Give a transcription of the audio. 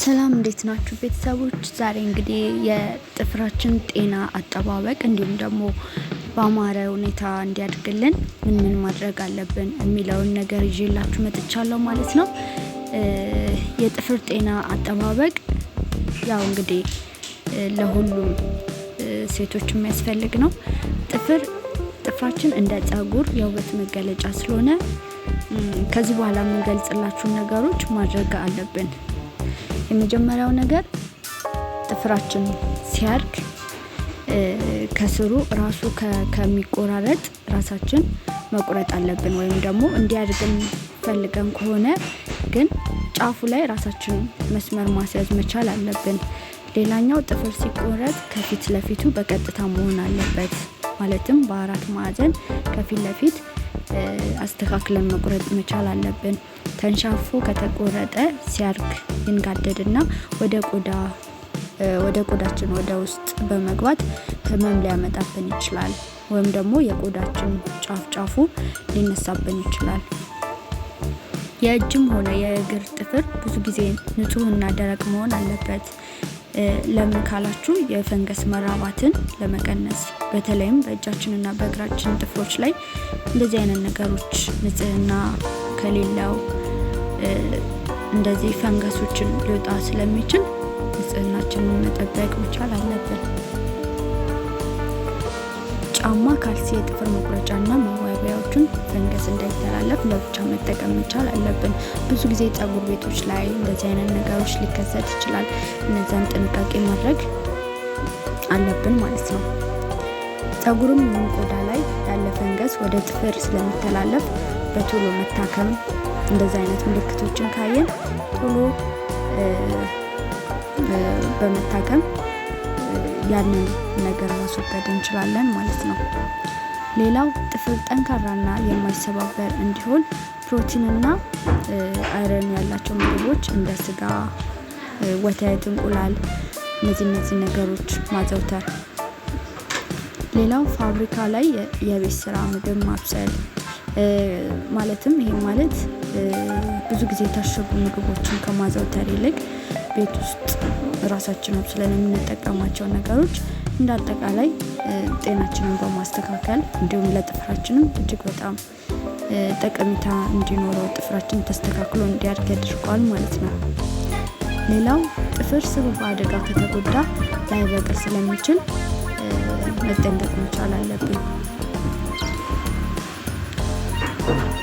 ሰላም እንዴት ናችሁ ቤተሰቦች? ዛሬ እንግዲህ የጥፍራችን ጤና አጠባበቅ እንዲሁም ደግሞ በአማረ ሁኔታ እንዲያድግልን ምን ምን ማድረግ አለብን የሚለውን ነገር ይዤላችሁ መጥቻለሁ ማለት ነው። የጥፍር ጤና አጠባበቅ ያው እንግዲህ ለሁሉም ሴቶች የሚያስፈልግ ነው። ጥፍር ጥፍራችን እንደ ጸጉር የውበት መገለጫ ስለሆነ ከዚህ በኋላ የምንገልጽላችሁ ነገሮች ማድረግ አለብን የመጀመሪያው ነገር ጥፍራችን ሲያድግ ከስሩ ራሱ ከሚቆራረጥ ራሳችን መቁረጥ አለብን። ወይም ደግሞ እንዲያድግን ፈልገን ከሆነ ግን ጫፉ ላይ ራሳችን መስመር ማስያዝ መቻል አለብን። ሌላኛው ጥፍር ሲቆረጥ ከፊት ለፊቱ በቀጥታ መሆን አለበት። ማለትም በአራት ማዕዘን ከፊት ለፊት አስተካክለን መቁረጥ መቻል አለብን። ተንሻፎ ከተቆረጠ ሲያርግ ይንጋደድና ወደ ቆዳ ወደ ቆዳችን ወደ ውስጥ በመግባት ህመም ሊያመጣብን ይችላል። ወይም ደግሞ የቆዳችን ጫፍ ጫፉ ሊነሳብን ይችላል። የእጅም ሆነ የእግር ጥፍር ብዙ ጊዜ ንጹህና ደረቅ መሆን አለበት። ለምን ካላችሁ የፈንገስ መራባትን ለመቀነስ በተለይም በእጃችንና በእግራችን ጥፍሮች ላይ እንደዚህ አይነት ነገሮች ንጽህና ከሌለው እንደዚህ ፈንገሶችን ሊወጣ ስለሚችል ንጽህናችንን መጠበቅ መቻል አለብን። ጫማ፣ ካልሲ፣ የጥፍር ና መዋ ጸጉራችን ፈንገስ እንዳይተላለፍ ለብቻ መጠቀም መቻል አለብን። ብዙ ጊዜ ጸጉር ቤቶች ላይ እንደዚህ አይነት ነገሮች ሊከሰት ይችላል። እነዚያን ጥንቃቄ ማድረግ አለብን ማለት ነው። ጸጉርም ይሁን ቆዳ ላይ ያለ ፈንገስ ወደ ጥፍር ስለሚተላለፍ በቶሎ መታከም፣ እንደዚህ አይነት ምልክቶችን ካየን ቶሎ በመታከም ያንን ነገር ማስወገድ እንችላለን ማለት ነው። ሌላው ጥፍር ጠንካራና የማይሰባበር እንዲሆን ፕሮቲንና አይረን ያላቸው ምግቦች እንደ ስጋ፣ ወተት፣ እንቁላል እነዚህ እነዚህ ነገሮች ማዘውተር። ሌላው ፋብሪካ ላይ የቤት ስራ ምግብ ማብሰል ማለትም ይህ ማለት ብዙ ጊዜ የታሸጉ ምግቦችን ከማዘውተር ይልቅ ቤት ውስጥ ራሳችን ስለን የምንጠቀማቸው ነገሮች እንደ አጠቃላይ ጤናችንን በማስተካከል እንዲሁም ለጥፍራችንም እጅግ በጣም ጠቀሜታ እንዲኖረው ጥፍራችን ተስተካክሎ እንዲያድግ ያድርገዋል ማለት ነው። ሌላው ጥፍር ስሩ በአደጋ ከተጎዳ ላይበቅል ስለሚችል መጠንቀቅ መቻል አለብን።